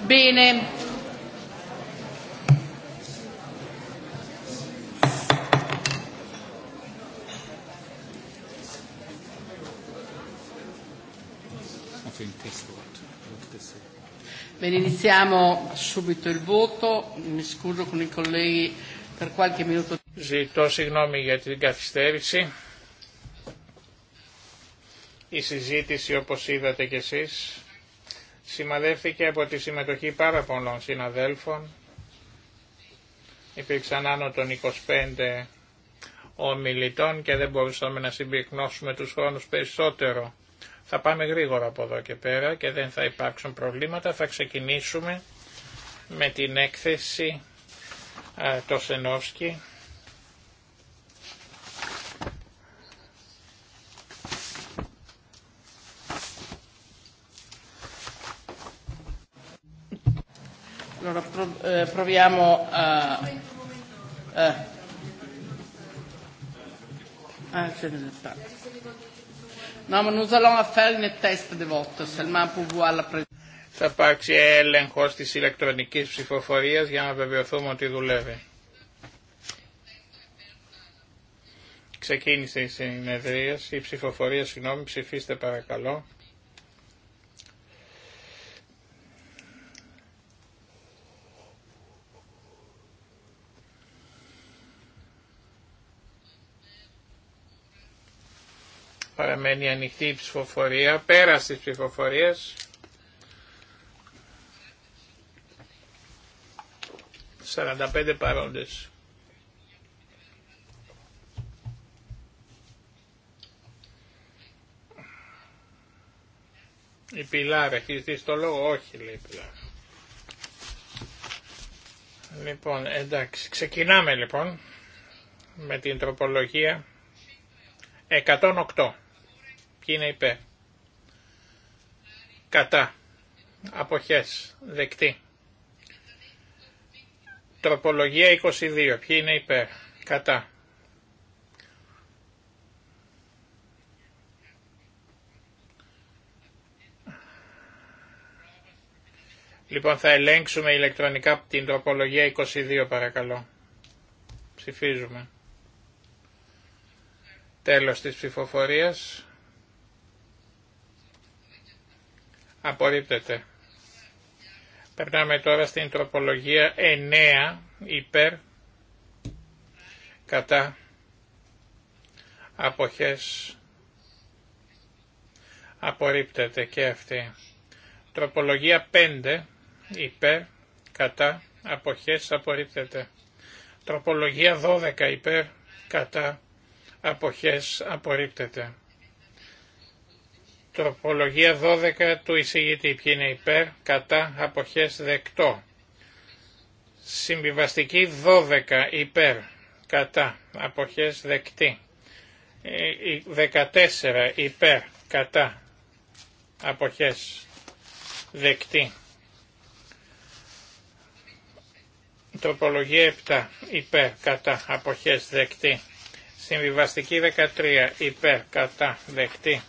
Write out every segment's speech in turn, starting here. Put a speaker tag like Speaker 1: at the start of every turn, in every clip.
Speaker 1: Bene. Bene, iniziamo subito il voto. Mi scuso con i colleghi per qualche minuto. Ζητώ συγγνώμη για την καθυστέρηση. Η συζήτηση όπως είδατε κι εσείς σημαδεύθηκε από τη συμμετοχή πάρα πολλών συναδέλφων. Υπήρξαν άνω των 25 ομιλητών και δεν μπορούσαμε να συμπυκνώσουμε τους χρόνους περισσότερο. Θα πάμε γρήγορα από εδώ και πέρα και δεν θα υπάρξουν προβλήματα. Θα ξεκινήσουμε με την έκθεση το Σενόσκι Eh, eh. ah, θα υπάρξει έλεγχο τη ηλεκτρονική ψηφοφορία για να βεβαιωθούμε ότι δουλεύει. Ξεκίνησε η συνεδρίαση, η ψηφοφορία, συγγνώμη, ψηφίστε παρακαλώ. Παραμένει ανοιχτή η ψηφοφορία, Πέρα της ψηφοφορίας. 45 παρόντες. Η Πιλάρα, έχει δει το λόγο, όχι λέει η Πιλάρ. Λοιπόν, εντάξει, ξεκινάμε λοιπόν με την τροπολογία 108. Ποιοι είναι υπέρ. Κατά. Αποχές. Δεκτή. Τροπολογία 22. Ποιοι είναι υπέρ. Κατά. Λοιπόν, θα ελέγξουμε ηλεκτρονικά την τροπολογία 22, παρακαλώ. Ψηφίζουμε. Τέλος της ψηφοφορίας. Απορρίπτεται. Περνάμε τώρα στην τροπολογία 9 υπέρ κατά αποχές απορρίπτεται και αυτή. Τροπολογία 5 υπέρ κατά αποχές απορρίπτεται. Τροπολογία 12 υπέρ κατά αποχές απορρίπτεται. Τροπολογία 12 του εισηγητή. Ποιοι είναι υπέρ, κατά, αποχές, δεκτό. Συμβιβαστική 12 υπέρ, κατά, αποχές, δεκτή. 14 ε, υπέρ, κατά, αποχές, δεκτή. Τροπολογία 7 υπέρ, κατά, αποχές, δεκτή. Συμβιβαστική 13 υπέρ, κατά, δεκτή.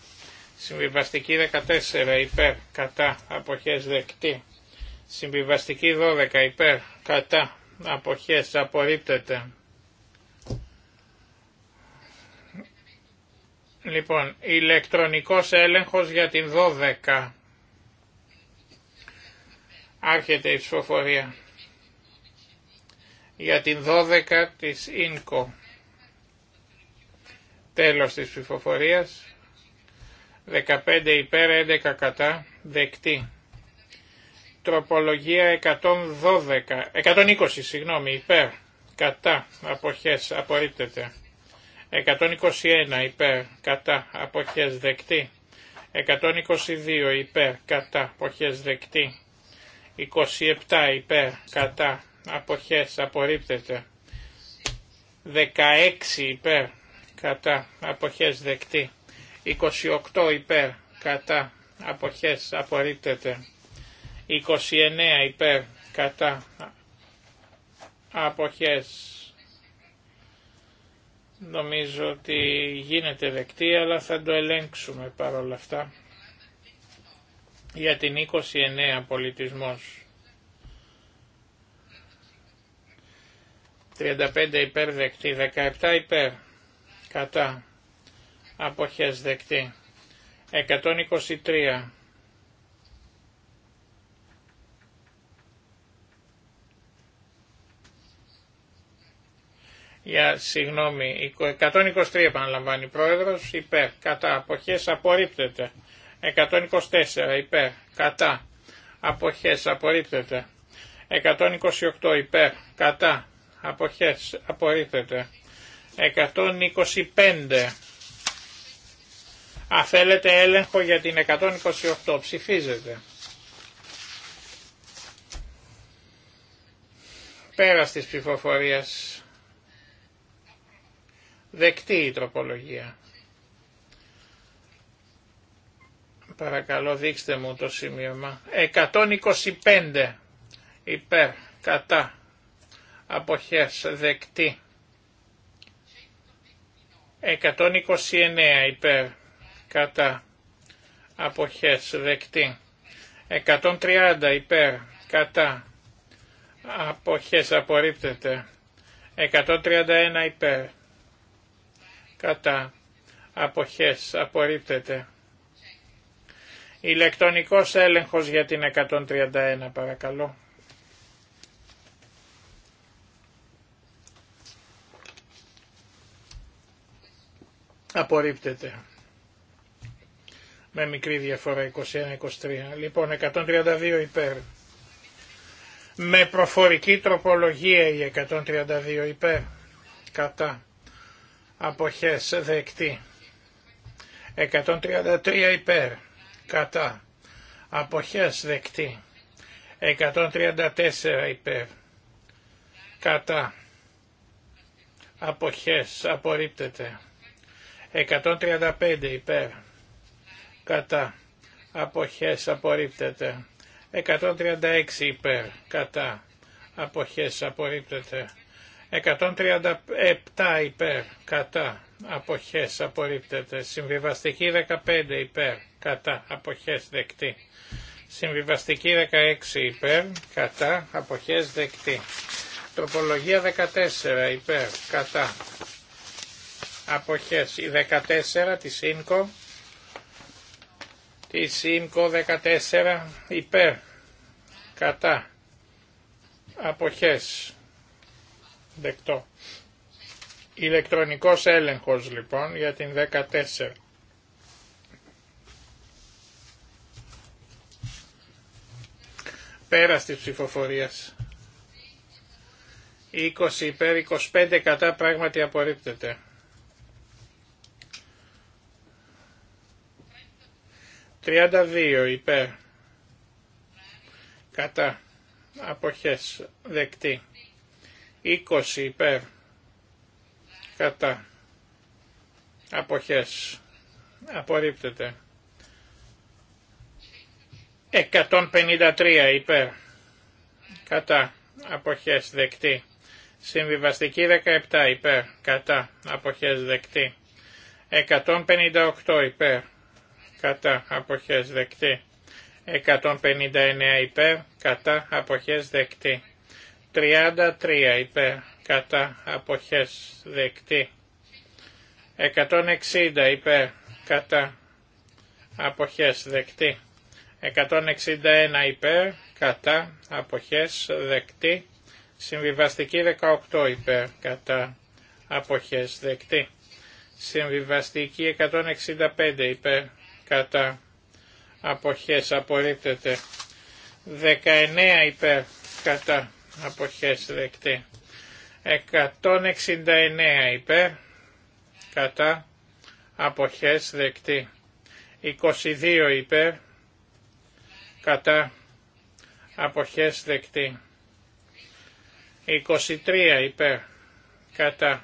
Speaker 1: Συμβιβαστική 14 υπέρ κατά αποχές δεκτή. Συμβιβαστική 12 υπέρ κατά αποχές απορρίπτεται. Λοιπόν, ηλεκτρονικός έλεγχος για την 12. Άρχεται η ψηφοφορία. Για την 12 της ΙΝΚΟ. Τέλος της ψηφοφορίας. 15 υπέρ 11 κατά δεκτή. Τροπολογία 112, 120 συγγνώμη υπέρ κατά αποχές απορρίπτεται. 121 υπέρ κατά αποχές δεκτή. 122 υπέρ κατά αποχές δεκτή. 27 υπέρ κατά αποχές απορρίπτεται. 16 υπέρ κατά αποχές δεκτή. 28 υπέρ κατά αποχές απορρίπτεται. 29 υπέρ κατά αποχές. Νομίζω ότι γίνεται δεκτή αλλά θα το ελέγξουμε παρόλα αυτά. Για την 29 πολιτισμός. 35 υπέρ δεκτή, 17 υπέρ κατά αποχές δεκτή. 123 για συγγνώμη, 123 επαναλαμβάνει πρόεδρος, υπέρ, κατά, αποχές απορρίπτεται. 124 υπέρ, κατά, αποχές απορρίπτεται. 128 υπέρ, κατά, αποχές απορρίπτεται. 125 Αφέλετε θέλετε έλεγχο για την 128. Ψηφίζετε. Πέρα της ψηφοφορίας. Δεκτή η τροπολογία. Παρακαλώ δείξτε μου το σημείωμα. 125 υπέρ, κατά, αποχές, δεκτή. 129 υπέρ, κατά αποχές δεκτή 130 υπέρ κατά αποχές απορρίπτεται 131 υπέρ κατά αποχές απορρίπτεται ηλεκτρονικός έλεγχος για την 131 παρακαλώ απορρίπτεται με μικρή διαφορά 21-23. Λοιπόν, 132 υπέρ. Με προφορική τροπολογία η 132 υπέρ. Κατά. Αποχές δεκτή. 133 υπέρ. Κατά. Αποχές δεκτή. 134 υπέρ. Κατά. Αποχές απορρίπτεται. 135 υπέρ κατά αποχές απορρίπτεται 136 υπέρ κατά αποχές απορρίπτεται 137 υπέρ κατά αποχές απορρίπτεται συμβιβαστική 15 υπέρ κατά αποχές δεκτή συμβιβαστική 16 υπέρ κατά αποχές δεκτή τροπολογία 14 υπέρ κατά αποχές η 14 της ίνκο Τη ΣΥΜΚΟ 14 υπέρ κατά αποχές δεκτό. Ηλεκτρονικός έλεγχος λοιπόν για την 14. Πέρα τη ψηφοφορία. 20 υπέρ 25 κατά πράγματι απορρίπτεται. 32 υπέρ κατά αποχές δεκτή 20 υπέρ κατά αποχές απορρίπτεται 153 υπέρ κατά αποχές δεκτή συμβιβαστική 17 υπέρ κατά αποχές δεκτή 158 υπέρ κατά αποχές δεκτή. 159 υπέρ, κατά αποχές δεκτή. 33 υπέρ, κατά αποχές δεκτή. 160 υπέρ, κατά αποχές δεκτή. 161 υπέρ, κατά αποχές δεκτή. Συμβιβαστική 18 υπέρ, κατά αποχές δεκτή. Συμβιβαστική 165 υπέρ, κατά αποχές απορρίπτεται 19 υπέρ κατά αποχές δεκτή 169 υπέρ κατά αποχές δεκτή 22 υπέρ κατά αποχές δεκτή 23 υπέρ κατά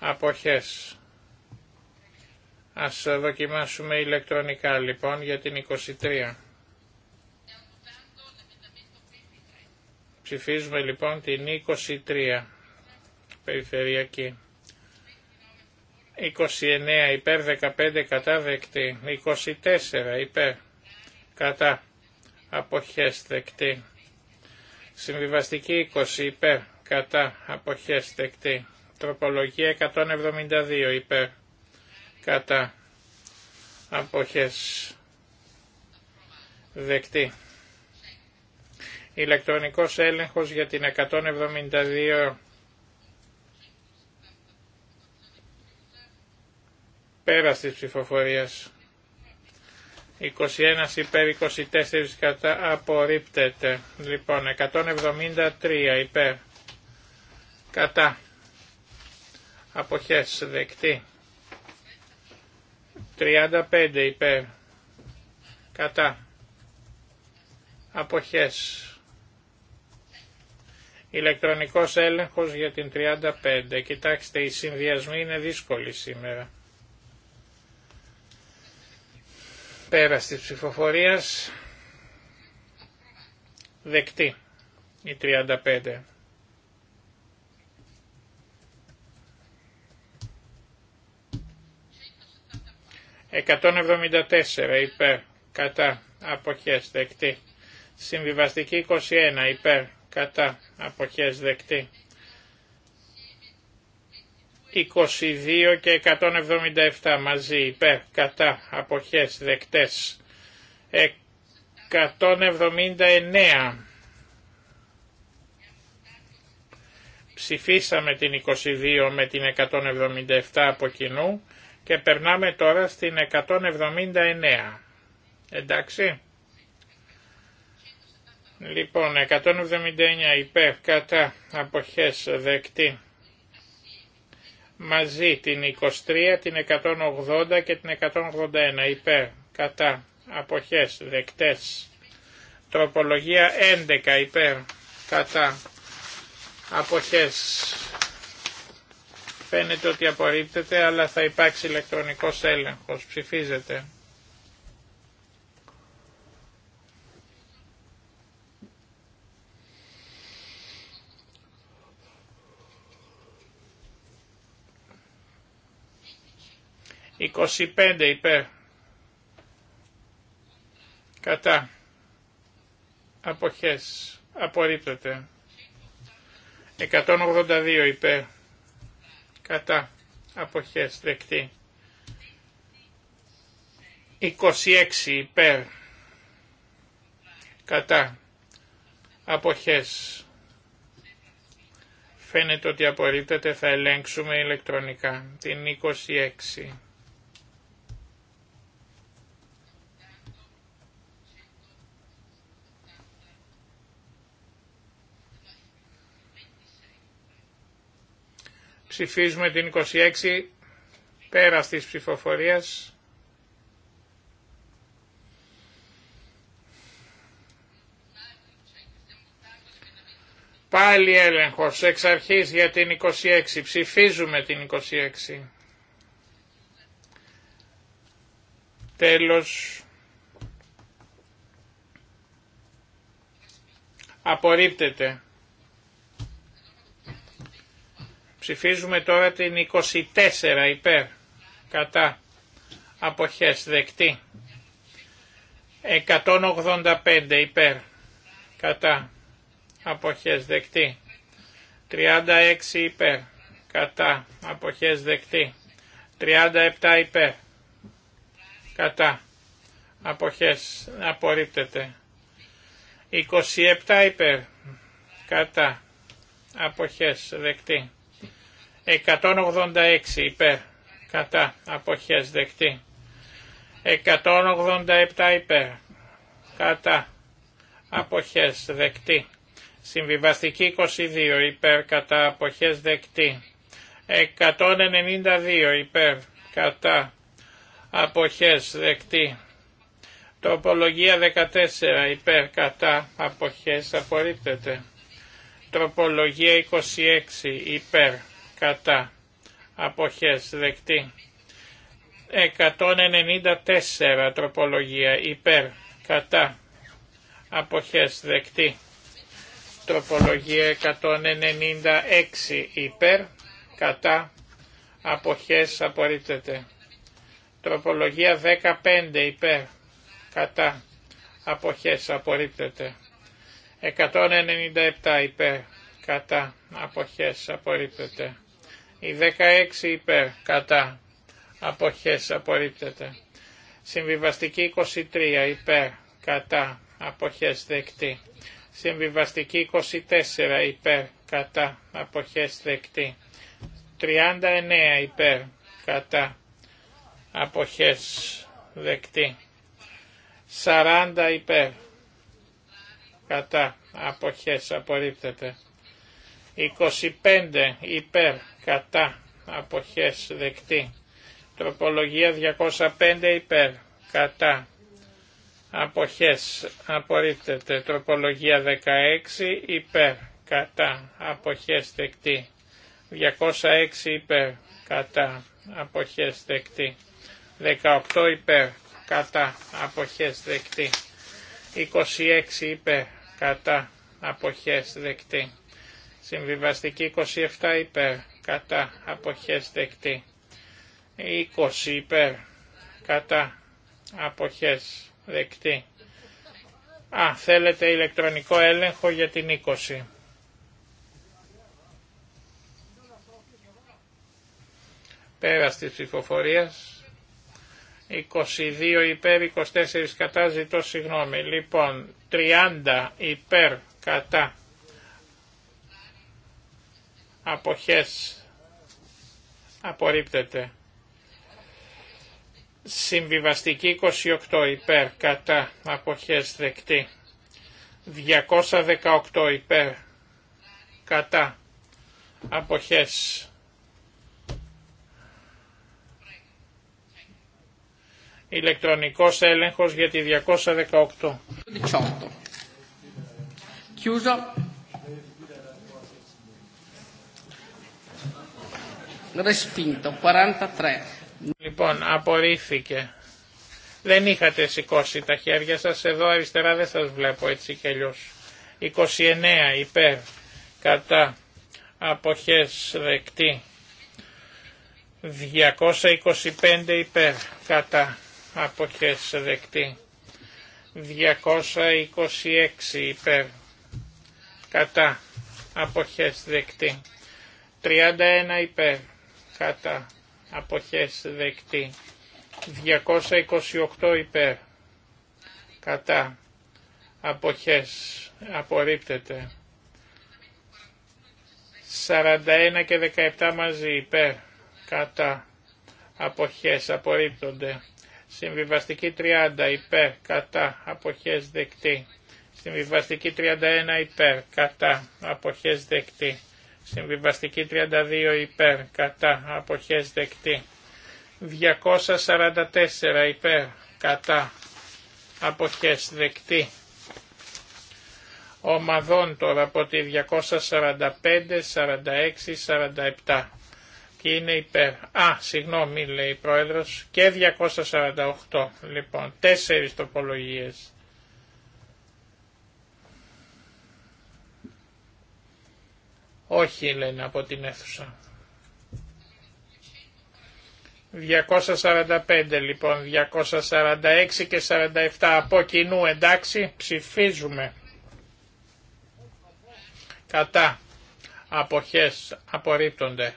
Speaker 1: αποχές Ας δοκιμάσουμε ηλεκτρονικά λοιπόν για την 23. Ψηφίζουμε λοιπόν την 23 περιφερειακή. 29 υπέρ 15 κατά δεκτή. 24 υπέρ κατά αποχές δεκτή. Συμβιβαστική 20 υπέρ κατά αποχές δεκτή. Τροπολογία 172 υπέρ κατά αποχές δεκτή. Ηλεκτρονικός έλεγχος για την 172 πέρας της ψηφοφορίας. 21 υπέρ 24 κατά απορρίπτεται. Λοιπόν, 173 υπέρ κατά αποχές δεκτή. 35 υπέρ. Κατά. Αποχές. Ηλεκτρονικός έλεγχος για την 35. Κοιτάξτε, οι συνδυασμοί είναι δύσκολοι σήμερα. Πέρα της ψηφοφορίας. Δεκτή η 35. 174 υπέρ κατά αποχές δεκτή. Συμβιβαστική 21 υπέρ κατά αποχές δεκτή. 22 και 177 μαζί υπέρ κατά αποχές δεκτές. 179 ψηφίσαμε την 22 με την 177 από κοινού και περνάμε τώρα στην 179. Εντάξει. Λοιπόν, 179 υπέρ κατά αποχές δεκτή. Μαζί την 23, την 180 και την 181 υπέρ κατά αποχές δεκτές. Τροπολογία 11 υπέρ κατά αποχές Φαίνεται ότι απορρίπτεται, αλλά θα υπάρξει ηλεκτρονικός έλεγχος. Ψηφίζεται. 25 υπέρ. Κατά. Αποχές. Απορρίπτεται. 182 υπέρ κατά αποχές δεκτή. 26 υπέρ κατά αποχές φαίνεται ότι απορρίπτεται θα ελέγξουμε ηλεκτρονικά την 26 Ψηφίζουμε την 26 πέρα της ψηφοφορίας. Πάλι έλεγχος εξ αρχής για την 26. Ψηφίζουμε την 26. Τέλος. Απορρίπτεται. Ψηφίζουμε τώρα την 24 υπέρ κατά αποχές δεκτή. 185 υπέρ κατά αποχές δεκτή. 36 υπέρ κατά αποχές δεκτή. 37 υπέρ κατά αποχές απορρίπτεται. 27 υπέρ κατά αποχές δεκτή. 186 υπέρ κατά αποχές δεκτή. 187 υπέρ κατά αποχές δεκτή. Συμβιβαστική 22 υπέρ κατά αποχές δεκτή. 192 υπέρ κατά αποχές δεκτή. Τροπολογία 14 υπέρ κατά αποχές απορρίπτεται. Τροπολογία 26 υπέρ κατά αποχές δεκτή 194 τροπολογία υπέρ κατά αποχές δεκτή τροπολογία 196 υπέρ κατά αποχές απορρίπτεται τροπολογία 15 υπέρ κατά αποχές απορρίπτεται 197 υπέρ κατά αποχές απορρίπτεται η 16 υπέρ κατά αποχές απορρίπτεται. Συμβιβαστική 23 υπέρ κατά αποχές δεκτή. Συμβιβαστική 24 υπέρ κατά αποχές δεκτή. 39 υπέρ κατά αποχές δεκτή. 40 υπέρ κατά αποχές απορρίπτεται. 25 υπέρ κατά αποχές δεκτή. Τροπολογία 205 υπέρ κατά αποχές απορρίπτεται. Τροπολογία 16 υπέρ κατά αποχές δεκτή. 206 υπέρ κατά αποχές δεκτή. 18 υπέρ κατά αποχές δεκτή. 26 υπέρ κατά αποχές δεκτή. Συμβιβαστική 27 υπέρ κατά αποχές δεκτή. 20 υπέρ κατά αποχές δεκτή. Α, θέλετε ηλεκτρονικό έλεγχο για την 20. Πέρα της ψηφοφορίας. 22 υπέρ, 24 κατά, ζητώ συγγνώμη. Λοιπόν, 30 υπέρ, κατά, αποχές απορρίπτεται. Συμβιβαστική 28 υπέρ κατά αποχές δεκτή. 218 υπέρ κατά αποχές ηλεκτρονικός έλεγχος για τη 218. 18. Respinto. 43. Λοιπόν, απορρίφθηκε. Δεν είχατε σηκώσει τα χέρια σας, εδώ αριστερά δεν σας βλέπω έτσι και αλλιώς. 29 υπέρ, κατά, αποχές δεκτή. 225 υπέρ, κατά, αποχές δεκτή. 226 υπέρ, κατά, αποχές δεκτή. 31 υπέρ, κατά αποχές δεκτή 228 υπέρ κατά αποχές απορρίπτεται 41 και 17 μαζί υπέρ κατά αποχές απορρίπτονται συμβιβαστική 30 υπέρ κατά αποχές δεκτή συμβιβαστική 31 υπέρ κατά αποχές δεκτή Συμβιβαστική 32 υπέρ, κατά, αποχές δεκτή. 244 υπέρ, κατά, αποχές δεκτή. Ομαδών τώρα από τη 245, 46, 47. Και είναι υπέρ. Α, συγγνώμη λέει η Πρόεδρος και 248. Λοιπόν, τέσσερις τοπολογίες. Όχι λένε από την αίθουσα. 245 λοιπόν, 246 και 47 από κοινού εντάξει, ψηφίζουμε. Κατά. Αποχές απορρίπτονται.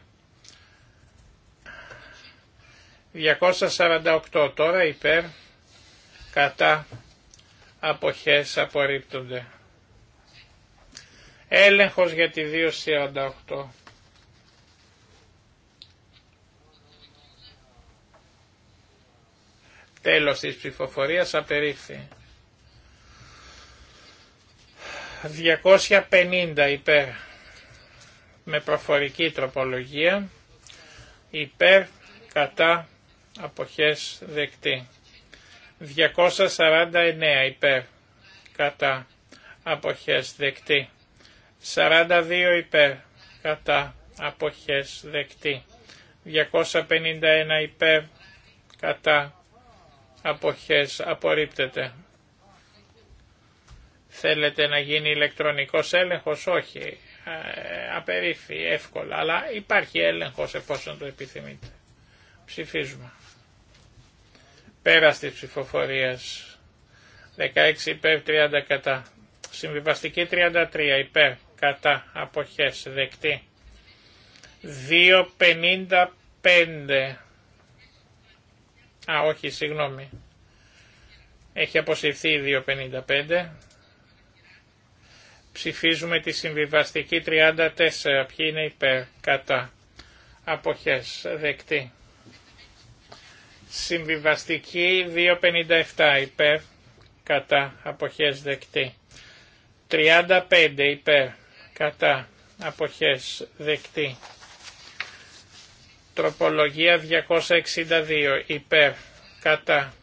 Speaker 1: 248 τώρα υπέρ. Κατά. Αποχές απορρίπτονται. Έλεγχος για τη 248. Τέλος της ψηφοφορίας απερίφθη. 250 υπέρ με προφορική τροπολογία υπέρ κατά αποχές δεκτή. 249 υπέρ κατά αποχές δεκτή. 42 υπέρ κατά αποχές δεκτή. 251 υπέρ κατά αποχές απορρίπτεται. Θέλετε να γίνει ηλεκτρονικός έλεγχος, όχι, ε, απερίφη, εύκολα, αλλά υπάρχει έλεγχος εφόσον το επιθυμείτε. Ψηφίζουμε. πέραστη της ψηφοφορίας. 16 υπέρ, 30 κατά. Συμβιβαστική 33 υπέρ, κατά αποχές δεκτή. 2.55 Α, όχι, συγγνώμη. Έχει αποσυρθεί η 2.55. Ψηφίζουμε τη συμβιβαστική 34. Ποιοι είναι υπέρ, κατά, αποχές, δεκτή. Συμβιβαστική 2.57 υπέρ, κατά, αποχές, δεκτή. 35 υπέρ, κατά αποχές δεκτή. Τροπολογία 262 υπέρ κατά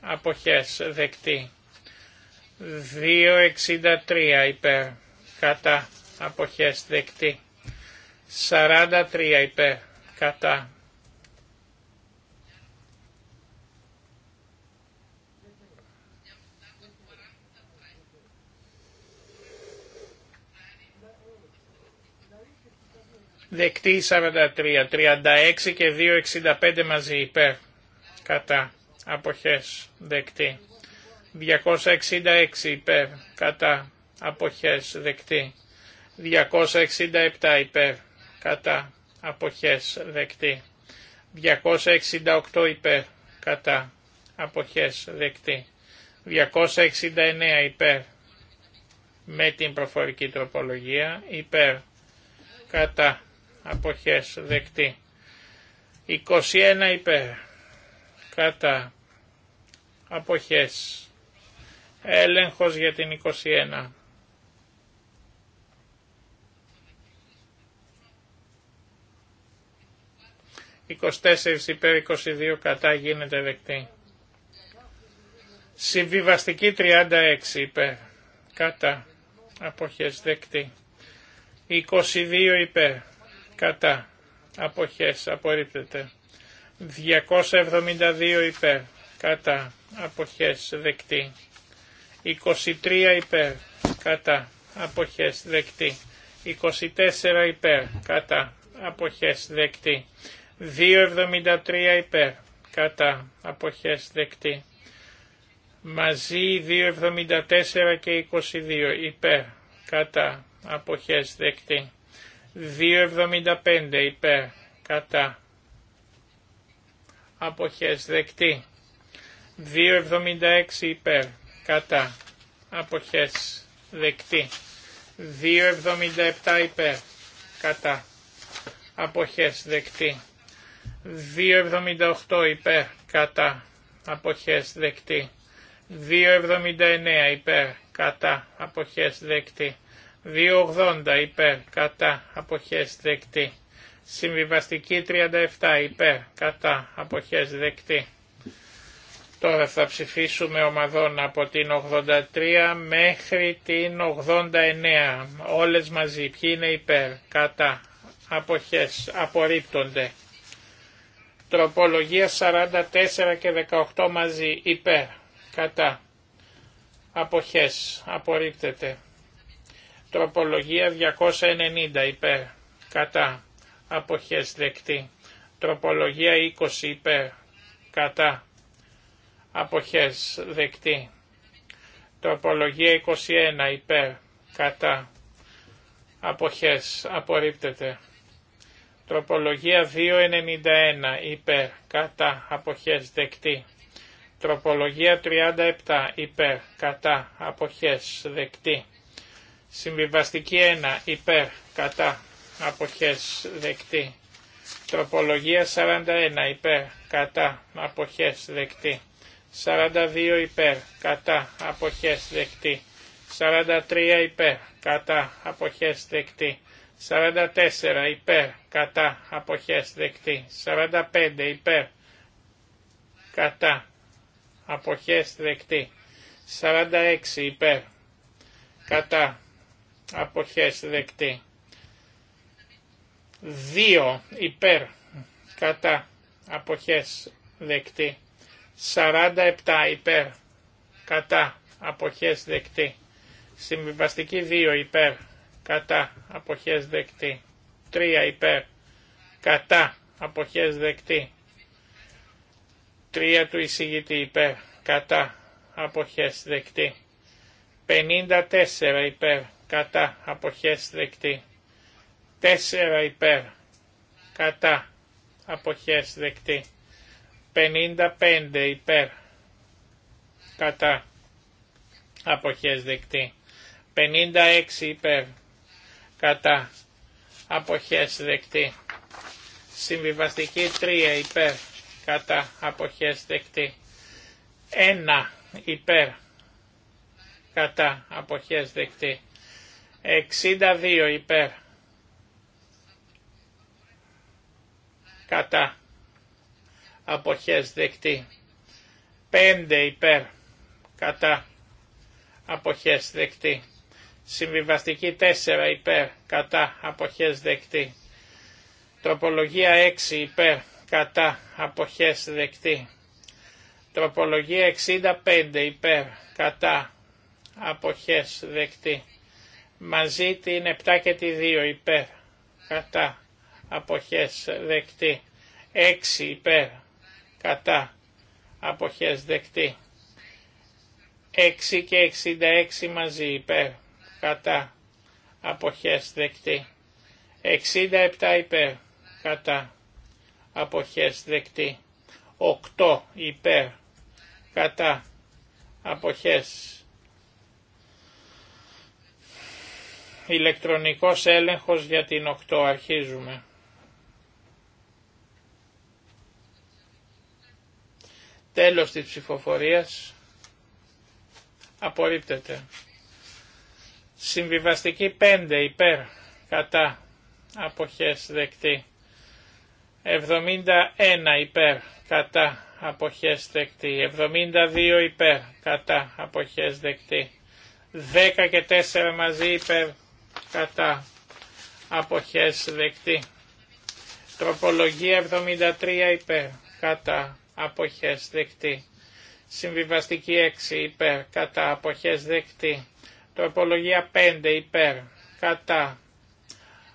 Speaker 1: αποχές δεκτή. 263 υπέρ κατά αποχές δεκτή. 43 υπέρ κατά Δεκτή 43, 36 και 2,65 μαζί υπέρ. Κατά. Αποχές. Δεκτή. 266 υπέρ. Κατά. Αποχές. Δεκτή. 267 υπέρ. Κατά. Αποχές. Δεκτή. 268 υπέρ. Κατά. Αποχές. Δεκτή. 269 υπέρ. Με την προφορική τροπολογία. Υπέρ. Κατά αποχές δεκτή. 21 υπέρ κατά αποχές έλεγχος για την 21. «24 υπέρ 22 κατά γίνεται δεκτή». Συμβιβαστική 36 υπέρ κατά αποχές δεκτή. 22 υπέρ κατά αποχές απορρίπτεται 272 υπέρ κατά αποχές δεκτή 23 υπέρ κατά αποχές δεκτή 24 υπέρ κατά αποχές δεκτή 273 υπέρ κατά αποχές δεκτή μαζί 274 και 22 υπέρ κατά αποχές δεκτή 2.75 υπέρ κατά αποχές δεκτή 2.76 υπέρ κατά αποχές δεκτή 2.77 υπέρ κατά αποχές δεκτή 2.78 υπέρ κατά αποχές δεκτή 2.79 υπέρ κατά αποχές δεκτή 2.80 υπέρ κατά αποχές δεκτή. Συμβιβαστική 37 υπέρ κατά αποχές δεκτή. Τώρα θα ψηφίσουμε ομαδών από την 83 μέχρι την 89. Όλες μαζί. Ποιοι είναι υπέρ, κατά, αποχές, απορρίπτονται. Τροπολογία 44 και 18 μαζί. Υπέρ, κατά, αποχές, απορρίπτεται. Τροπολογία 290 υπέρ. Κατά. Αποχές δεκτή. Τροπολογία 20 υπέρ. Κατά. Αποχές δεκτή. Τροπολογία 21 υπέρ. Κατά. Αποχές απορρίπτεται. Τροπολογία 291 υπέρ. Κατά. Αποχές δεκτή. Τροπολογία 37 υπέρ. Κατά. Αποχές δεκτή. Συμβιβαστική 1 υπέρ κατά αποχές δεκτή. Τροπολογία 41 υπέρ κατά αποχές δεκτή. 42 υπέρ κατά αποχές δεκτή. 43 υπέρ κατά αποχές δεκτή. 44 υπέρ κατά αποχές δεκτή. 45 υπέρ κατά αποχές δεκτή. 46 υπέρ κατά αποχές δεκτή. 2 υπέρ κατά αποχές δεκτή. 47 υπέρ κατά αποχές δεκτή. Συμβιβαστική 2 υπέρ κατά αποχές δεκτή. 3 υπέρ κατά αποχές δεκτή. 3 του εισηγητή υπέρ κατά αποχές δεκτή. 54 υπέρ κατά αποχές δεκτή. 4 υπέρ κατά αποχές δεκτή. 55 υπέρ κατά αποχές δεκτή. 56 υπέρ κατά αποχές δεκτή. Συμβιβαστική 3 υπέρ κατά αποχές δεκτή. 1 υπέρ κατά αποχές δεκτή. 62 υπέρ. Κατά. Αποχές δεκτή. 5 υπέρ. Κατά. Αποχές δεκτή. Συμβιβαστική 4 υπέρ. Κατά. Αποχές δεκτή. Τροπολογία 6 υπέρ. Κατά. Αποχές δεκτή. Τροπολογία 65 υπέρ. Κατά. Αποχές δεκτή μαζί την 7 και τη 2 υπέρ κατά αποχές δεκτή 6 υπέρ κατά αποχές δεκτή 6 και 66 μαζί υπέρ κατά αποχές δεκτή 67 υπέρ κατά αποχές δεκτή 8 υπέρ κατά αποχές Ηλεκτρονικός έλεγχος για την 8. Αρχίζουμε. Τέλος της ψηφοφορίας. Απορρίπτεται. Συμβιβαστική 5 υπέρ. Κατά. Αποχές δεκτή. 71 υπέρ. Κατά. Αποχές δεκτή. 72 υπέρ. Κατά. Αποχές δεκτή. 10 και 4 μαζί υπέρ κατά αποχές δεκτή. Τροπολογία 73 υπέρ κατά αποχές δεκτή. Συμβιβαστική 6 υπέρ κατά αποχές δεκτή. Τροπολογία 5 υπέρ κατά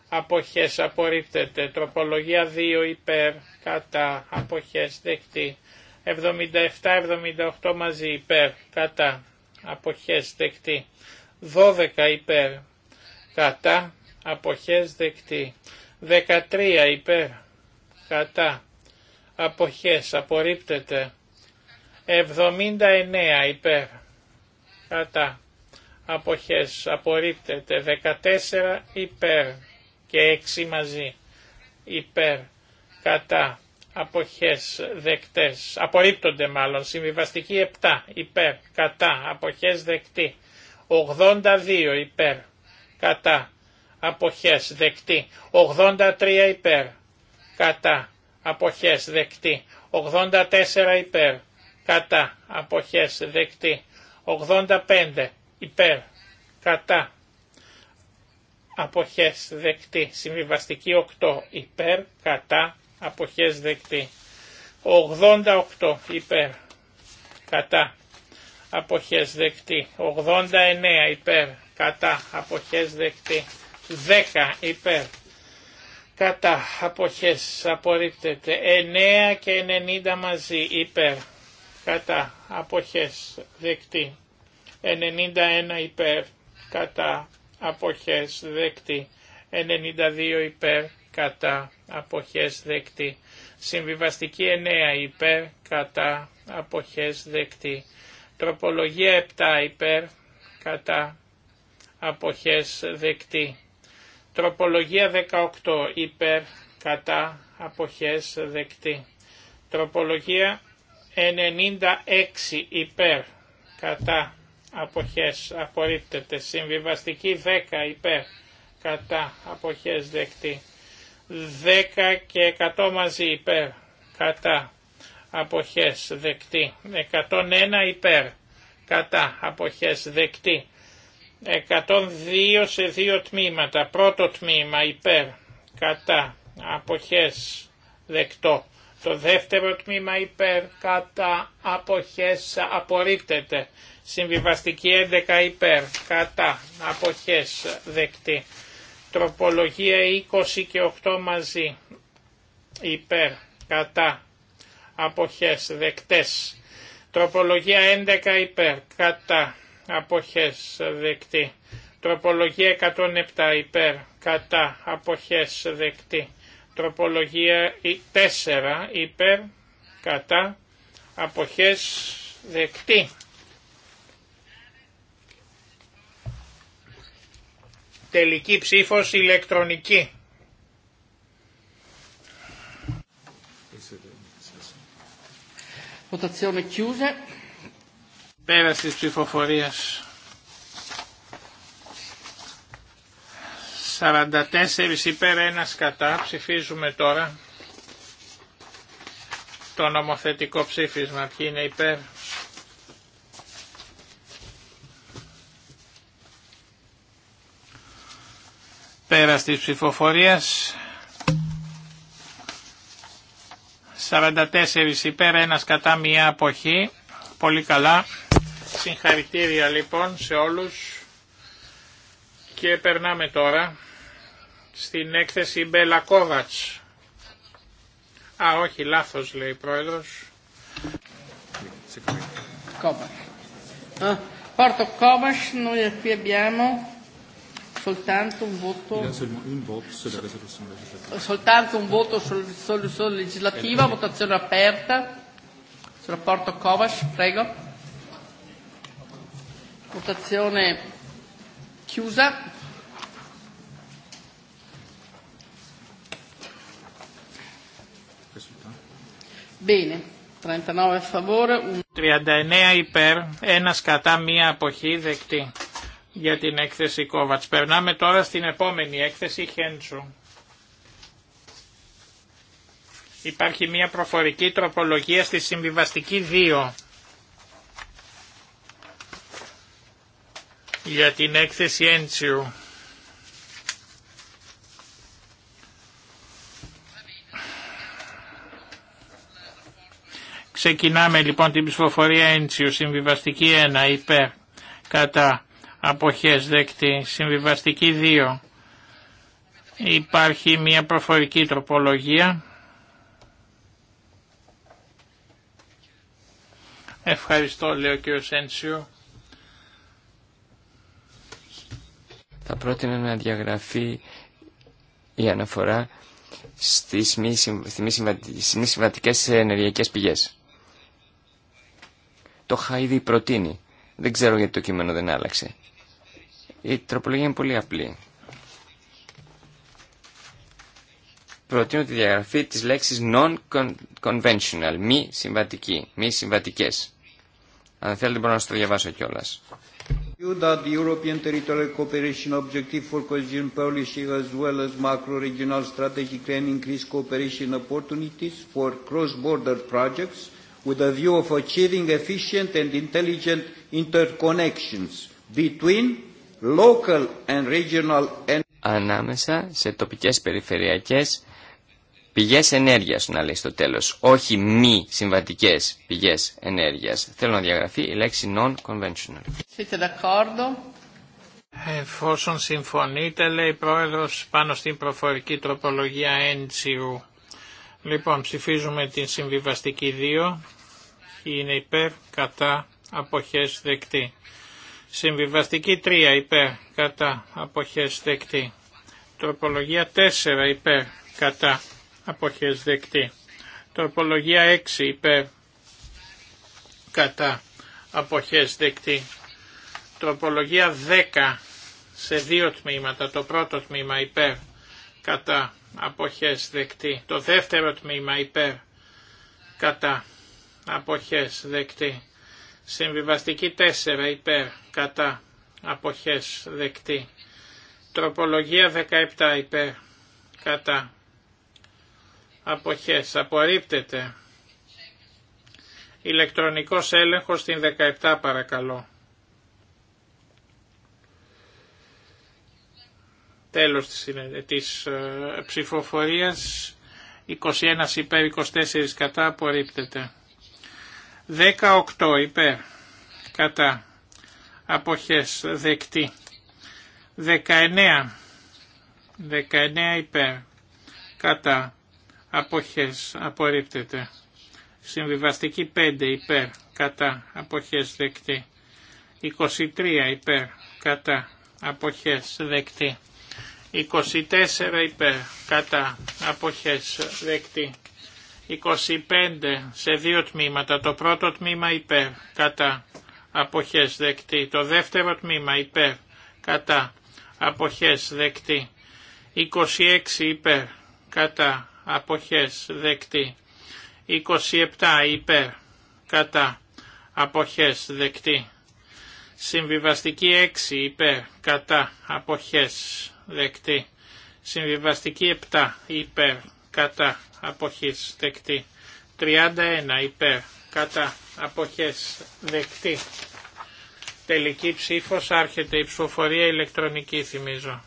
Speaker 1: αποχές απορρίπτεται. Τροπολογία 2 υπέρ κατά αποχές δεκτή. 77-78 μαζί υπέρ κατά αποχές δεκτή. 12 υπέρ κατά αποχές δεκτή. 13 υπέρ κατά αποχές απορρίπτεται. 79 υπέρ κατά αποχές απορρίπτεται. 14 υπέρ και 6 μαζί υπέρ κατά αποχές δεκτές, απορρίπτονται μάλλον, συμβιβαστική 7 υπέρ, κατά, αποχές δεκτή, 82 υπέρ, κατά αποχές δεκτή 83 υπέρ κατά αποχές δεκτή 84 υπέρ κατά αποχές δεκτή 85 υπέρ κατά αποχές δεκτή συμβιβαστική 8 υπέρ κατά αποχές δεκτή 88 υπέρ κατά αποχές δεκτή 89 υπέρ κατά αποχές δεκτή 10 υπέρ κατά αποχές απορρίπτεται 9 και 90 μαζί υπέρ κατά αποχές δεκτή 91 υπέρ κατά αποχές δεκτή 92 υπέρ κατά αποχές δεκτή συμβιβαστική 9 υπέρ κατά αποχές δεκτή τροπολογία 7 υπέρ κατά αποχές δεκτή. Τροπολογία 18 υπέρ κατά αποχές δεκτή. Τροπολογία 96 υπέρ κατά αποχές απορρίπτεται. Συμβιβαστική 10 υπέρ κατά αποχές δεκτή. 10 και 100 μαζί υπέρ κατά αποχές δεκτή. 101 υπέρ κατά αποχές δεκτή. 102 σε δύο τμήματα. Πρώτο τμήμα υπέρ, κατά, αποχές, δεκτό. Το δεύτερο τμήμα υπέρ, κατά, αποχές, απορρίπτεται. Συμβιβαστική 11 υπέρ, κατά, αποχές, δεκτή. Τροπολογία 20 και 8 μαζί, υπέρ, κατά, αποχές, δεκτές. Τροπολογία 11 υπέρ, κατά, αποχές δεκτή. Τροπολογία 107 υπέρ, κατά, αποχές δεκτή. Τροπολογία 4 υπέρ, κατά, αποχές δεκτή. Τελική ψήφος ηλεκτρονική. Votazione chiusa. Πέρα της ψηφοφορίας. 44 υπέρ 1 κατά. Ψηφίζουμε τώρα το νομοθετικό ψήφισμα. Ποιοι είναι υπέρ. Πέρα της ψηφοφορία 44 υπέρ 1 κατά μία αποχή. Πολύ καλά. Συγχαρητήρια λοιπόν σε όλους και περνάμε τώρα στην έκθεση Κόβατς. Α, όχι, λάθος λέει η πρόεδρος. Κόβατς. Porto Κόβατς, noi qui abbiamo soltanto un voto soltanto un voto sulla legislativa, votazione aperta sul rapporto Kovac, prego. Votazione chiusa. Bene, 39 a favore. 39 υπέρ, 1 κατά μία αποχή δεκτή για την έκθεση Κόβατς. Περνάμε τώρα στην επόμενη έκθεση Χέντσου. Υπάρχει μια προφορική τροπολογία στη συμβιβαστική 2 για την έκθεση έντσιου. Ξεκινάμε λοιπόν την ψηφοφορία έντσιου. Συμβιβαστική 1 υπέρ κατά αποχές δεκτή. Συμβιβαστική 2 υπάρχει μια προφορική τροπολογία. Ευχαριστώ λέει ο κ. Έντσιου. θα πρότεινα να διαγραφεί η αναφορά στις μη, μη συμβατικές ενεργειακές πηγές. Το είχα ήδη προτείνει. Δεν ξέρω γιατί το κείμενο δεν άλλαξε. Η τροπολογία είναι πολύ απλή. Προτείνω τη διαγραφή της λέξης non-conventional, μη συμβατική, μη συμβατικές. Αν θέλετε μπορώ να σας το διαβάσω κιόλας that the European territorial cooperation objective for cohesion policy as well as macro-regional strategy can increase cooperation opportunities for cross-border projects with a view of achieving efficient and intelligent interconnections between local and regional and... Ανάμεσα σε τοπικές περιφερειακές Πηγές ενέργειας, να λέει στο τέλος, όχι μη συμβατικές πηγές ενέργειας. Θέλω να διαγραφεί η λέξη non-conventional. Εφόσον συμφωνείτε, λέει πρόεδρος, πάνω στην προφορική τροπολογία NCU. Λοιπόν, ψηφίζουμε την συμβιβαστική 2. Είναι υπέρ, κατά, αποχές δεκτή. Συμβιβαστική 3 υπέρ, κατά, αποχές δεκτή. Τροπολογία 4 υπέρ, κατά, αποχές δεκτή. Τροπολογία 6 είπε. κατά αποχές δεκτή. Τροπολογία 10 σε δύο τμήματα. Το πρώτο τμήμα υπέρ κατά αποχές δεκτή. Το δεύτερο τμήμα υπέρ κατά αποχές δεκτή. Συμβιβαστική 4 υπέρ κατά αποχές δεκτή. Τροπολογία 17 υπέρ κατά αποχές απορρίπτεται. Ηλεκτρονικός έλεγχος στην 17 παρακαλώ. Τέλος της, της ε, ψηφοφορίας 21 υπέρ 24 κατά απορρίπτεται. 18 υπέρ κατά αποχές δεκτή. 19 19 υπέρ κατά αποχές απορρίπτεται. Συμβιβαστική 5 υπέρ κατά αποχές δεκτή. 23 υπέρ κατά αποχές δεκτή. 24 υπέρ κατά αποχές δεκτή. 25 σε δύο τμήματα. Το πρώτο τμήμα υπέρ κατά αποχές δεκτή. Το δεύτερο τμήμα υπέρ κατά αποχές δεκτή. 26 υπέρ κατά αποχές δεκτή. 27 υπέρ κατά αποχές δεκτή. Συμβιβαστική 6 υπέρ κατά αποχές δεκτή. Συμβιβαστική 7 υπέρ κατά αποχής δεκτή. 31 υπέρ κατά αποχές δεκτή. Τελική ψήφος άρχεται η ψηφοφορία ηλεκτρονική θυμίζω.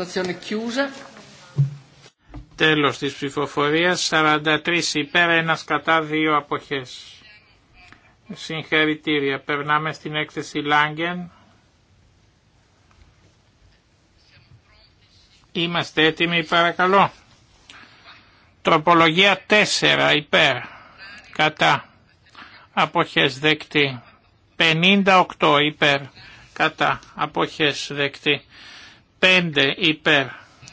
Speaker 1: Votazione chiusa. Τέλος της ψηφοφορίας, 43 υπέρ, 1 κατά, δύο αποχές. Συγχαρητήρια. Περνάμε στην έκθεση Λάγκεν. Είμαστε έτοιμοι, παρακαλώ. Τροπολογία 4 υπέρ, κατά, αποχές δεκτή. 58 υπέρ, κατά, αποχές δεκτή. 5 υπέρ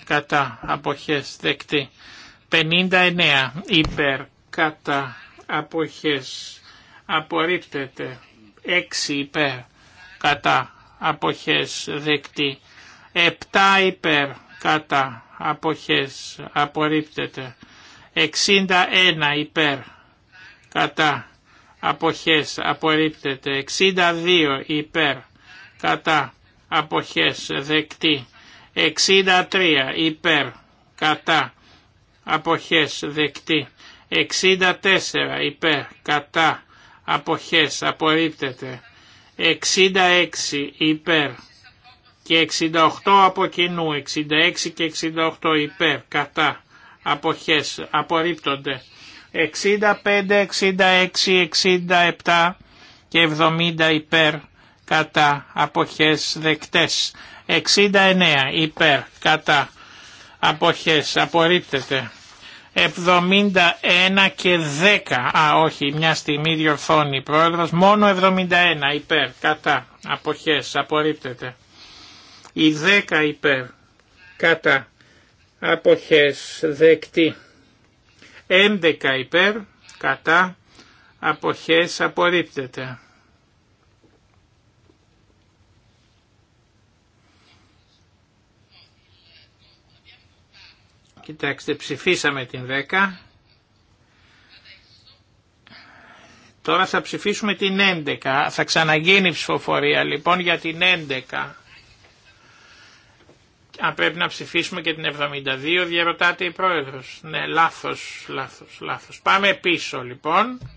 Speaker 1: κατά αποχές δεκτή. 59 υπέρ κατά αποχές απορρίπτεται. 6 υπέρ κατά αποχές δεκτή. 7 υπέρ κατά αποχές απορρίπτεται. 61 υπέρ κατά αποχές απορρίπτεται. 62 υπέρ κατά αποχές δεκτή. 63 υπέρ κατά αποχές δεκτή. 64 υπέρ κατά αποχές απορρίπτεται. 66 υπέρ και 68 από κοινού. 66 και 68 υπέρ κατά αποχές απορρίπτονται. 65, 66, 67 και 70 υπέρ κατά αποχές δεκτές. 69 υπέρ κατά αποχές απορρίπτεται 71 και 10 α όχι μια στιγμή διορθώνει πρόεδρος μόνο 71 υπέρ κατά αποχές απορρίπτεται η 10 υπέρ κατά αποχές δεκτή 11 υπέρ κατά αποχές απορρίπτεται Κοιτάξτε, ψηφίσαμε την 10. Τώρα θα ψηφίσουμε την 11. Θα ξαναγίνει η ψηφοφορία λοιπόν για την 11. Αν πρέπει να ψηφίσουμε και την 72, διαρωτάται η πρόεδρος. Ναι, λάθος, λάθος, λάθος. Πάμε πίσω λοιπόν.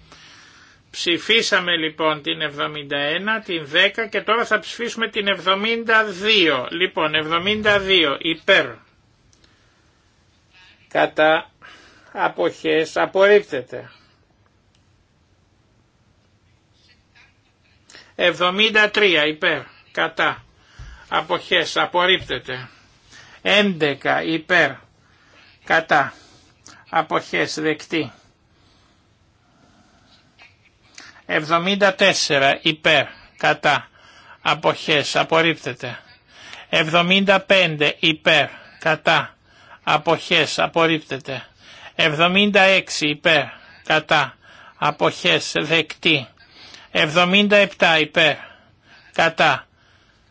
Speaker 1: Ψηφίσαμε λοιπόν την 71, την 10 και τώρα θα ψηφίσουμε την 72. Λοιπόν, 72, υπέρ κατά αποχές απορρίπτεται. 73 υπέρ κατά αποχές απορρίπτεται. 11 υπέρ κατά αποχές δεκτή. 74 υπέρ κατά αποχές απορρίπτεται. 75 υπέρ κατά αποχές απορρίπτεται. 76 υπέρ κατά αποχές δεκτή. 77 υπέρ κατά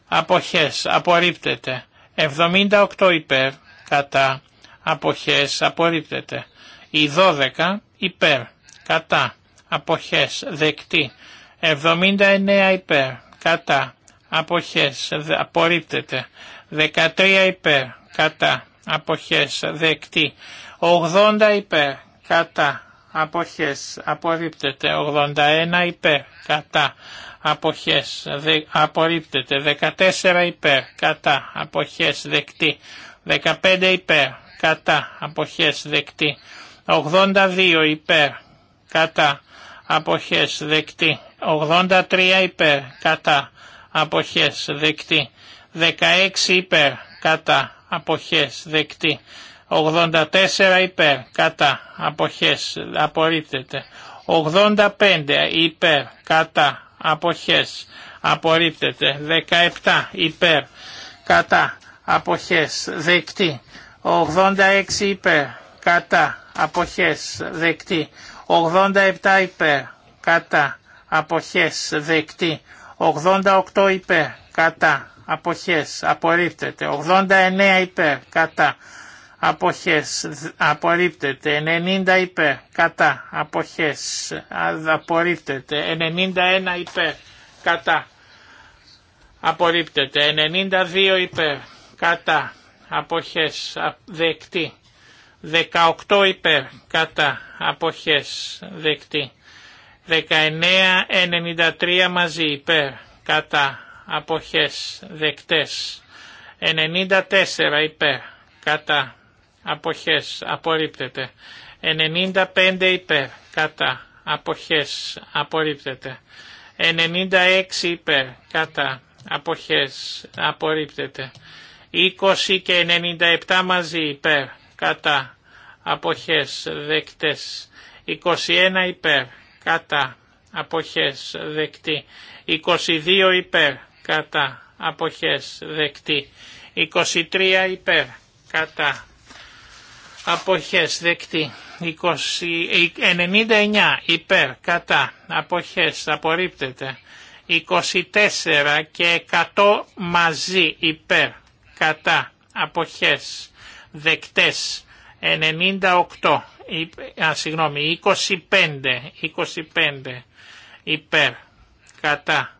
Speaker 1: αποχές απορρίπτεται. 78 υπέρ κατά αποχές απορρίπτεται. Η 12 υπέρ κατά αποχές δεκτή. 79 υπέρ κατά αποχές απορρίπτεται. 13 υπέρ κατά αποχές δεκτή. 80 υπέρ κατά αποχές απορρίπτεται. 81 υπέρ κατά αποχές δε, απορρίπτεται. 14 υπέρ κατά αποχές δεκτή. 15 υπέρ κατά αποχές δεκτή. 82 υπέρ κατά αποχές δεκτή. 83 υπέρ κατά αποχές δεκτή. 16 υπέρ κατά αποχές δεκτή. 84 υπέρ κατά αποχές απορρίπτεται. 85 υπέρ κατά αποχές απορρίπτεται. 17 υπέρ κατά αποχές δεκτή. 86 υπέρ κατά αποχές δεκτή. 87 υπέρ κατά αποχές δεκτή. 88 υπέρ κατά αποχές, απορρίπτεται. 89 υπέρ, κατά, αποχές, απορρίπτεται. 90 υπέρ, κατά, αποχές, απορρίπτεται. 91 υπέρ, κατά, απορρίπτεται. 92 υπέρ, κατά, αποχές, δεκτή. 18 υπέρ, κατά, αποχές, δεκτή. 19, 93 μαζί υπέρ, κατά, αποχές δεκτές. 94 υπέρ κατά αποχές απορρίπτεται. 95 υπέρ κατά αποχές απορρίπτεται. 96 υπέρ κατά αποχές απορρίπτεται. 20 και 97 μαζί υπέρ κατά αποχές δεκτές. 21 υπέρ κατά αποχές δεκτή. 22 υπέρ κατά αποχές δεκτή 23 υπέρ κατά αποχές δεκτή 20, 99 ε, υπέρ κατά αποχές απορρίπτεται 24 και 100 μαζί υπέρ κατά αποχές δεκτές 98 α, συγγνώμη 25 25 υπέρ κατά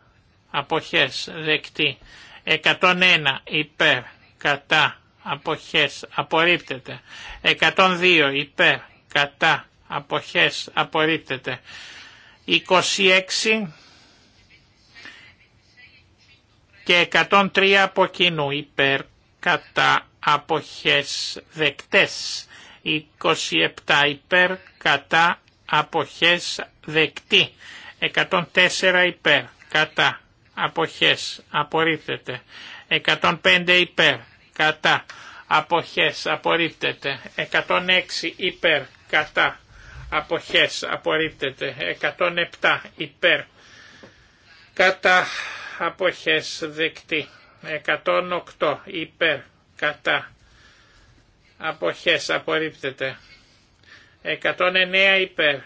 Speaker 1: αποχές δεκτή 101 υπέρ κατά αποχές απορρίπτεται 102 υπέρ κατά αποχές απορρίπτεται 26 και 103 από κοινού υπέρ κατά αποχές δεκτές 27 υπέρ κατά αποχές δεκτή 104 υπέρ κατά αποχές απορρίπτεται 105 υπέρ κατά αποχές απορρίπτεται 106 υπέρ κατά αποχές απορρίπτεται 107 υπέρ κατά αποχές δεκτή 108 υπέρ κατά αποχές απορρίπτεται 109 υπέρ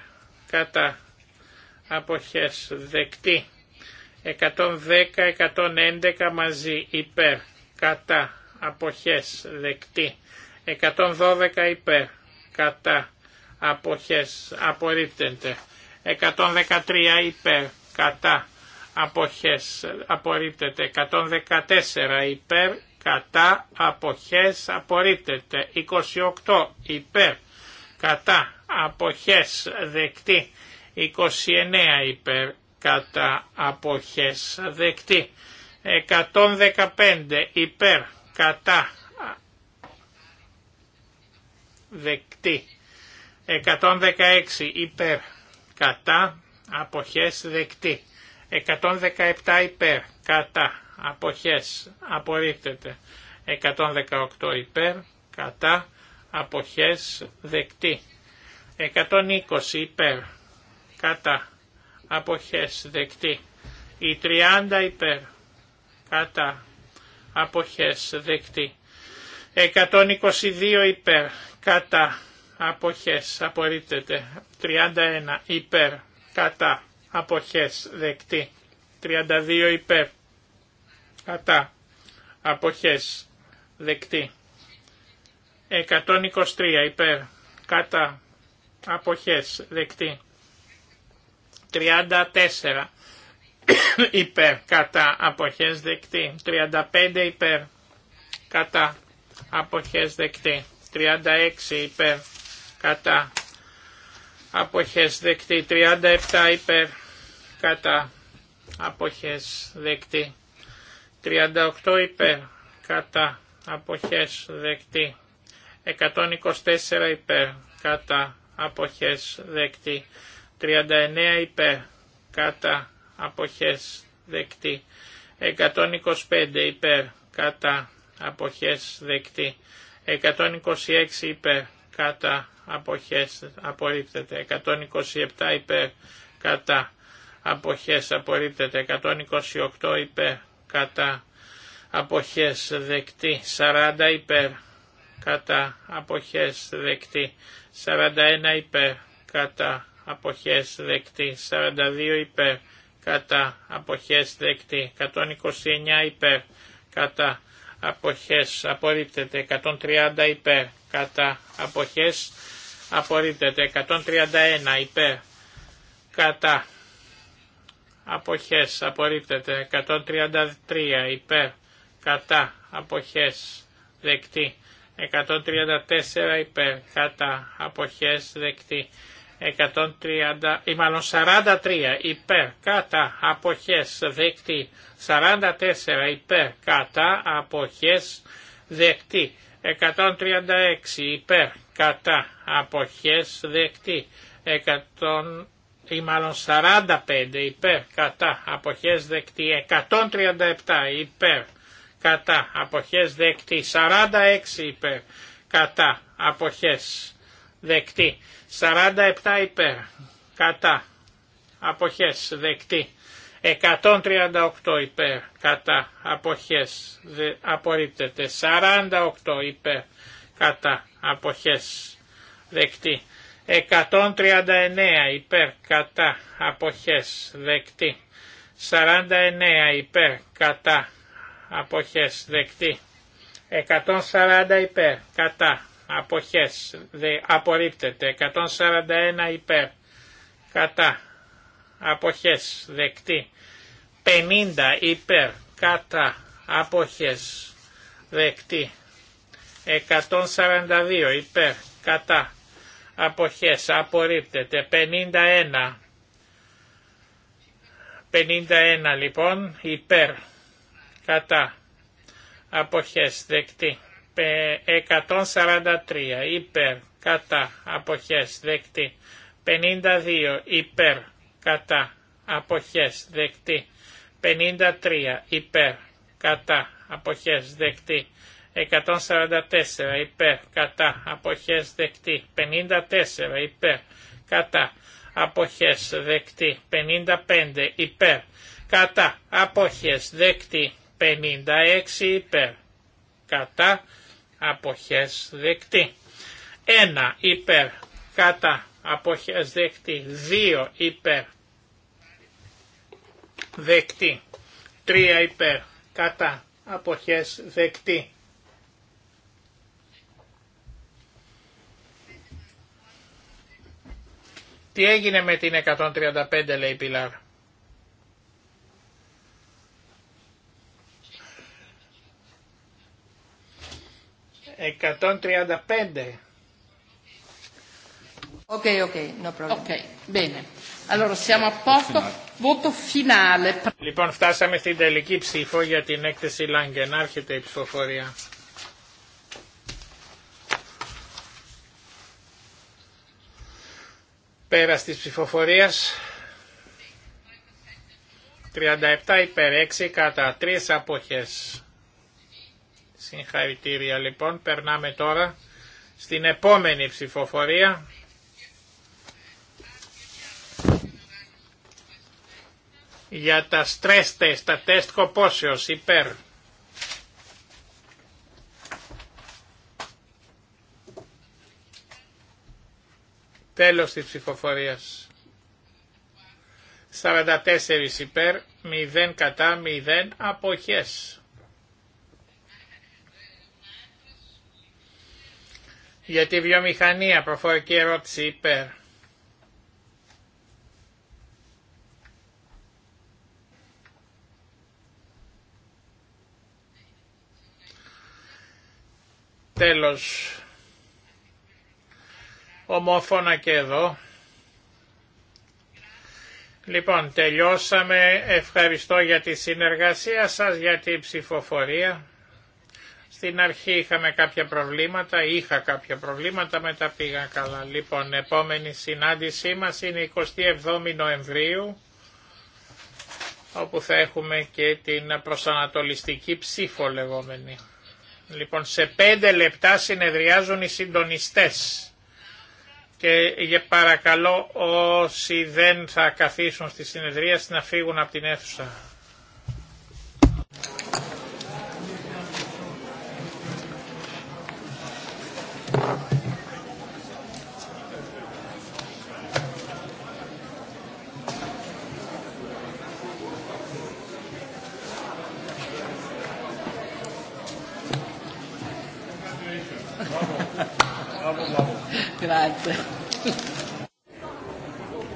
Speaker 1: κατά αποχές δεκτή 110-111 μαζί υπέρ, κατά, αποχές, δεκτή. 112 υπέρ, κατά, αποχές, απορρίπτεται. 113 υπέρ, κατά, αποχές, απορρίπτεται. 114 υπέρ, κατά, αποχές, απορρίπτεται. 28 υπέρ, κατά, αποχές, δεκτή. 29 υπέρ, κατά αποχές δεκτή. 115 υπέρ κατά δεκτή. 116 υπέρ κατά αποχές δεκτή. 117 υπέρ κατά αποχές απορρίπτεται. 118 υπέρ κατά αποχές δεκτή. 120 υπέρ κατά αποχές δεκτή. Η 30 υπέρ κατά αποχές δεκτή. 122 υπέρ κατά αποχές απορρίπτεται. 31 υπέρ κατά αποχές δεκτή. 32 υπέρ κατά αποχές δεκτή. 123 υπέρ κατά αποχές δεκτή. 34 υπέρ κατά αποχές δεκτή. 35 υπέρ κατά αποχές δεκτή. 36 υπέρ κατά αποχές δεκτή. 37 υπέρ κατά αποχές δεκτή. 38 υπέρ κατά αποχές δεκτή. 124 υπέρ κατά αποχές δεκτή. 39 υπέρ κατά αποχές δεκτή. 125 υπέρ κατά αποχές δεκτή. 126 υπέρ κατά αποχές απορρίπτεται. 127 υπέρ κατά αποχές απορρίπτεται. 128 υπέρ κατά αποχές δεκτή. 40 υπέρ κατά αποχές δεκτή. 41 υπέρ κατά αποχές δεκτή, 42 υπέρ, κατά αποχές δεκτή, 129 υπέρ, κατά αποχές απορρίπτεται, 130 υπέρ, κατά αποχές απορρίπτεται, 131 υπέρ, κατά αποχές απορρίπτεται, 133 υπέρ, κατά αποχές δεκτή, 134 υπέρ, κατά αποχές δεκτή, 130, ή μάλλον 43 υπέρ κατά αποχές δεκτή, 44 υπέρ κατά αποχές δεκτή, 136 υπέρ κατά αποχές δεκτή, 100, ή μάλλον 45 υπέρ κατά αποχές δεκτή, 137 υπέρ κατά αποχές δεκτή, 46 υπέρ κατά αποχές δεκτή. 47 υπέρ, κατά, αποχές, δεκτή. 138 υπέρ, κατά, αποχές, δε, απορρίπτεται. 48 υπέρ, κατά, αποχές, δεκτή. 139 υπέρ, κατά, αποχές, δεκτή. 49 υπέρ, κατά, αποχές, δεκτή. 140 υπέρ, κατά, αποχές, δε, απορρίπτεται, 141 υπέρ, κατά, αποχές, δεκτή, 50 υπέρ, κατά, αποχές, δεκτή, 142 υπέρ, κατά, αποχές, απορρίπτεται, 51, 51 λοιπόν, υπέρ, κατά, αποχές, δεκτή, 143 υπέρ κατά αποχές δεκτή 52 υπέρ κατά αποχές δεκτή 53 υπέρ κατά αποχές δεκτή 144 υπέρ κατά αποχές δεκτή 54 υπέρ κατά αποχές δεκτή 55 υπέρ κατά αποχές δεκτή 56 υπέρ κατά αποχές δεκτή. 1 υπέρ κατά αποχές δεκτή. 2 υπέρ δεκτή. 3 υπέρ κατά αποχές δεκτή. Τι έγινε με την 135 λέει Πιλάρ. 135. Ok, ok, no problem. Ok, bene. Allora siamo a posto. Voto finale. Λοιπόν, φτάσαμε στην τελική ψήφο για την έκθεση Λάγκεν. Άρχεται η ψηφοφορία. Πέρα της ψηφοφορίας. 37 υπέρ 6 κατά 3 αποχές. Συγχαρητήρια λοιπόν. Περνάμε τώρα στην επόμενη ψηφοφορία. Για τα stress test, τα τεστ κοπόσεως υπέρ. Τέλος της ψηφοφορίας. 44 υπέρ, 0 κατά, 0 αποχές. Για τη βιομηχανία προφορική ερώτηση υπέρ. Τέλος, ομόφωνα και εδώ. Λοιπόν, τελειώσαμε. Ευχαριστώ για τη συνεργασία σας, για την ψηφοφορία. Στην αρχή είχαμε κάποια προβλήματα, είχα κάποια προβλήματα, μετά πήγα καλά. Λοιπόν, επόμενη συνάντησή μας είναι 27 Νοεμβρίου, όπου θα έχουμε και την προσανατολιστική ψήφο λεγόμενη. Λοιπόν, σε πέντε λεπτά συνεδριάζουν οι συντονιστές. Και για παρακαλώ όσοι δεν θα καθίσουν στη συνεδρία να φύγουν από την αίθουσα.